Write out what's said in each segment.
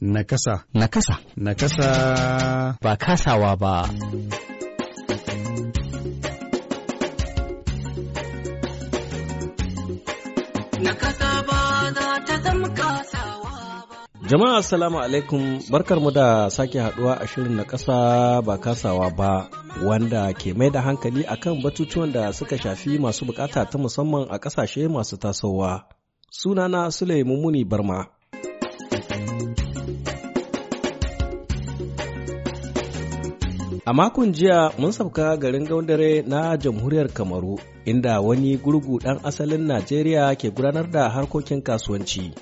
Nakasa. Nakasa. Nakasa. Ba kasawa ba. Nakasa ba za ta zama kasawa ba. Jama'a assalamu alaikum barkarmu da sake haduwa a shirin na kasa ba kasawa ba wanda ke mai da hankali akan batutuwan da suka shafi masu bukata ta musamman a kasashe masu tasowa. Sunana Sulaimu Muni Barma. A makon jiya mun sauka garin gaudare na jamhuriyar Kamaru inda wani gurgu ɗan asalin Najeriya ke gudanar da harkokin kasuwanci.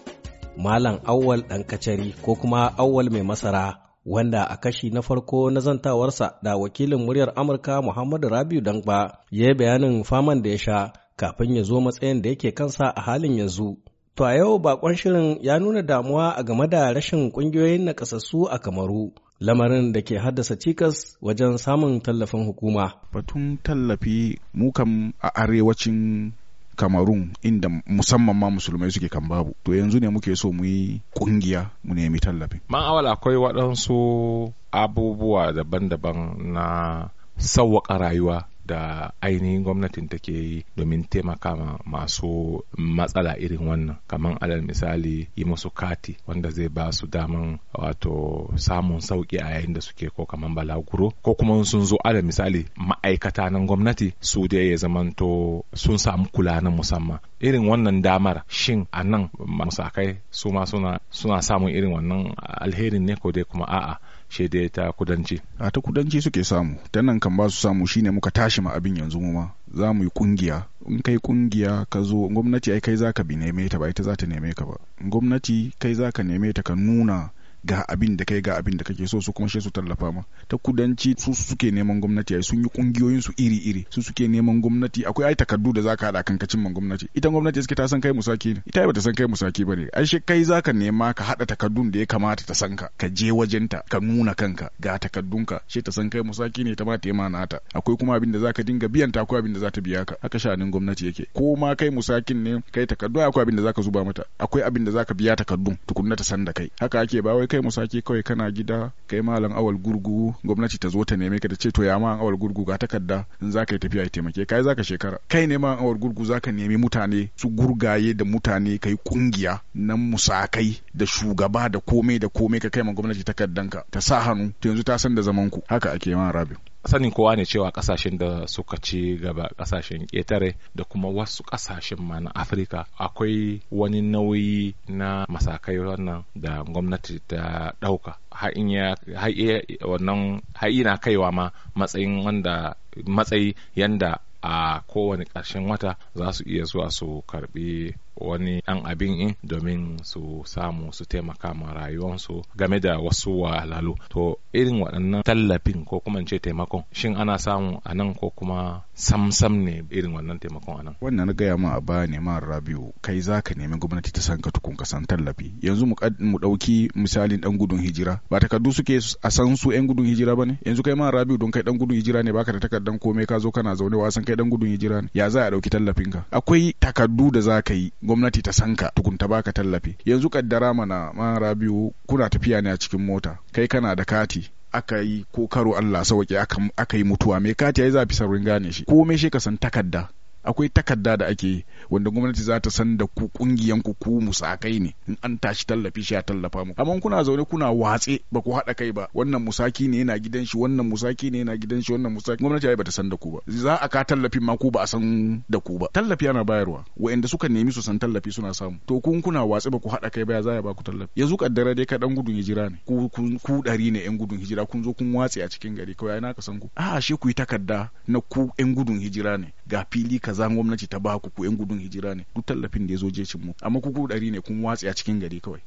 Malam Awwal ɗan kacari ko kuma Awwal mai masara wanda a kashi na farko na zantawarsa da wakilin muryar Amurka Muhammadu Rabiu Dangba ya yi bayanin faman da ya sha kafin ya zo matsayin da yake kansa a halin yanzu. To a yau bakon shirin ya nuna damuwa a game da rashin ƙungiyoyin nakasassu a Kamaru. lamarin da ke haddasa cikas wajen samun tallafin hukuma. Batun tallafi mukan a arewacin Kamarun inda musamman ma musulmai suke kan babu. To yanzu ne muke so muyi yi kungiya mu nemi tallafi. Man awala akwai waɗansu abubuwa daban-daban na sauwaƙa rayuwa da ainihin gwamnatin take yi domin taimaka masu matsala irin wannan kamar alal misali yi musu kati wanda zai ba su daman wato samun sauki a yayin da suke ko kamar balaguro ko kuma sun zo alal misali ma'aikata na gwamnati su dai ya zamanto sun samu kula na musamman irin wannan damar shin a nan musakai su ma suna samun irin wannan alherin ne ko dai kuma a'a shi ta kudanci a ta kudanci suke samu ta nan kan ba su samu shine muka tashi ma abin yanzu mu ma za mu yi kungiya in kai kungiya ka zo gwamnati ai kai zaka bi neme ta ba ita za ta neme ka ba gwamnati kai zaka neme ta ka nuna ga abin da kai ga abin da kake so su kuma shi su tallafa ma ta kudanci su suke neman gwamnati ai sun yi kungiyoyin su iri iri su suke neman gwamnati akwai ai takardu da zaka hada kan kacin man gwamnati ita gwamnati suke ta san kai musaki ne ita bata san kai musaki bane ai shi kai zaka nema ka hada takardun da ya kamata ta san ka ka je wajenta ka nuna kanka ga takardunka shi ta san kai musaki ne ta ma ta ma ta akwai kuma abin da zaka dinga biyan ta akwai abin da za ta biya ka haka shanin gwamnati yake ko ma kai musakin ne kai takardu akwai abin da zaka zuba mata akwai abin da zaka biya takardun tukunna ta san da kai haka ake ba wai kai sake kawai kana gida kai malam awal gurgu gwamnati ta zo ta neme ka ta ce to ya ma awal gurgu ga takarda in za ka yi tafiya ya taimake kai za ka shekara kai ne ma awal gurgu za ka nemi mutane su gurgaye da mutane ka yi kungiya na musakai da shugaba da komai da komai ka kai ma gwamnati takardanka ta sa hannu to yanzu ta san da zaman ku haka ake ma rabiu sanin kowa ne cewa kasashen da suka ci gaba kasashen ƙetare da kuma wasu kasashen ma na afirka akwai wani nauyi na masakai wannan da gwamnati ta ɗauka har ina na kaiwa ma matsayin wanda matsayi yanda a kowane ƙarshen wata za su iya zuwa su karbi wani ɗan abin in domin su samu su taimaka ma rayuwarsu game da wasu wahalhalu to irin waɗannan tallafin ko kuma ce taimakon shin ana samu a nan ko kuma samsam ne irin wannan taimakon a nan wannan na gaya ma a baya ne ma rabiu kai za ka nemi gwamnati ta san ka tukun ka san tallafi yanzu mu ɗauki misalin ɗan gudun hijira ba takardu suke a san su ɗan gudun hijira ba ne yanzu kai ma rabiu don kai ɗan gudun hijira ne baka da takardan komai ka zo kana zaune wasan kai ɗan gudun hijira ne ya za a ɗauki tallafin ka akwai takardu da za ka yi gwamnati ta sanka tukun ta baka tallafi yanzu kaddara mana man biyu. kuna tafiya ne a cikin mota kai kana da kati aka yi ko karo Allah sauke aka yi mutuwa mai kati ya yi zafi saurin gane shi ko me shi ka san takarda akwai takarda da ake yi wanda gwamnati za ta san da ku kungiyan ku ku musakai ne in an tashi tallafi shi ya tallafa mu amma kuna zaune kuna watse ba ku haɗa kai ba wannan musaki ne yana gidan shi wannan musaki ne yana gidan shi wannan musaki gwamnati ai bata san da ku ba za a ka tallafin ma ku ba a san da ku ba tallafi ana bayarwa waɗanda suka nemi su san tallafi suna samu to kun kuna watse ba ku haɗa kai ba ya za ya ba ku tallafi yanzu kaddara dai ka dan gudun hijira ne ku ku ɗari ne yan gudun hijira kun zo kun watse a cikin gari kawai na ka san ku a'a shi ku yi takarda na ku yan gudun hijira ne ga fili ka kaza gwamnati ta ba ku ku yan gudun hijira ne duk tallafin da ya zo jecin mu amma ku ku ɗari ne kun watsi a cikin gari kawai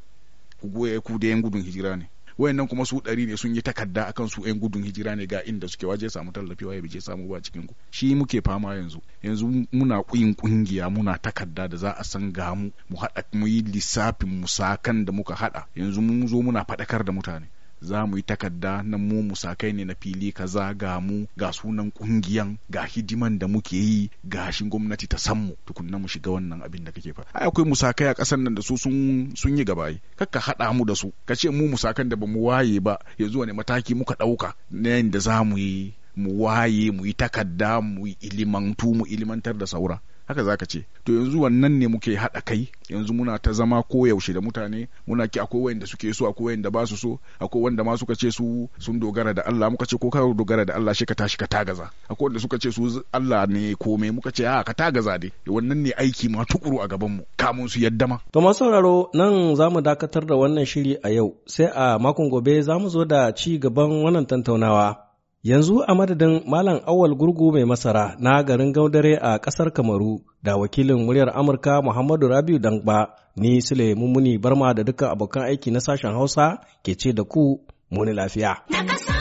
ku goya ku da yan gudun hijira ne wayannan kuma su ɗari ne sun yi takarda akan su yan gudun hijira ne ga inda suke waje samu tallafi waye bije samu ba cikin ku shi muke fama yanzu yanzu muna kuyin ƙungiya, muna takarda da za a san ga mu mu haɗa mu yi lissafin musakan da muka haɗa yanzu mun zo muna faɗakar da mutane za mu yi takarda na mu musakai ne na fili kaza ga mu ga sunan kungiyan ga hidiman da muke yi ga shi gwamnati ta san mu tukunna mu shiga wannan abin da kake faɗa ai akwai musakai a ƙasar nan da su sun sun yi gaba kakka haɗa mu da su ka ce mu musakan da ba mu waye ba yanzu wani mataki muka ɗauka na yadda za mu yi mu waye mu yi takarda mu yi ilimantu mu ilimantar da saura haka zaka ce to yanzu wannan ne muke haɗa kai yanzu muna ta zama koyaushe da mutane muna ki akwai wayanda suke so akwai wayanda ba su so akwai wanda ma suka ce su sun dogara da Allah muka ce ko ka dogara da Allah shi ka tashi ka tagaza akwai wanda suka ce su Allah ne kome muka ce a ka tagaza dai wannan ne aiki ma tukuru a gaban mu kamun su yadda ma to masu sauraro nan zamu dakatar da wannan shiri a yau sai a makon gobe zamu zo da ci gaban wannan tantaunawa Yanzu a madadin Malam Awal Gurgu mai masara na garin Gaudare a ƙasar Kamaru da wakilin muryar Amurka Muhammadu Rabiu Dangba ni Sule Mummuni Barma da duka abokan aiki na sashen Hausa ke ce da ku muni lafiya.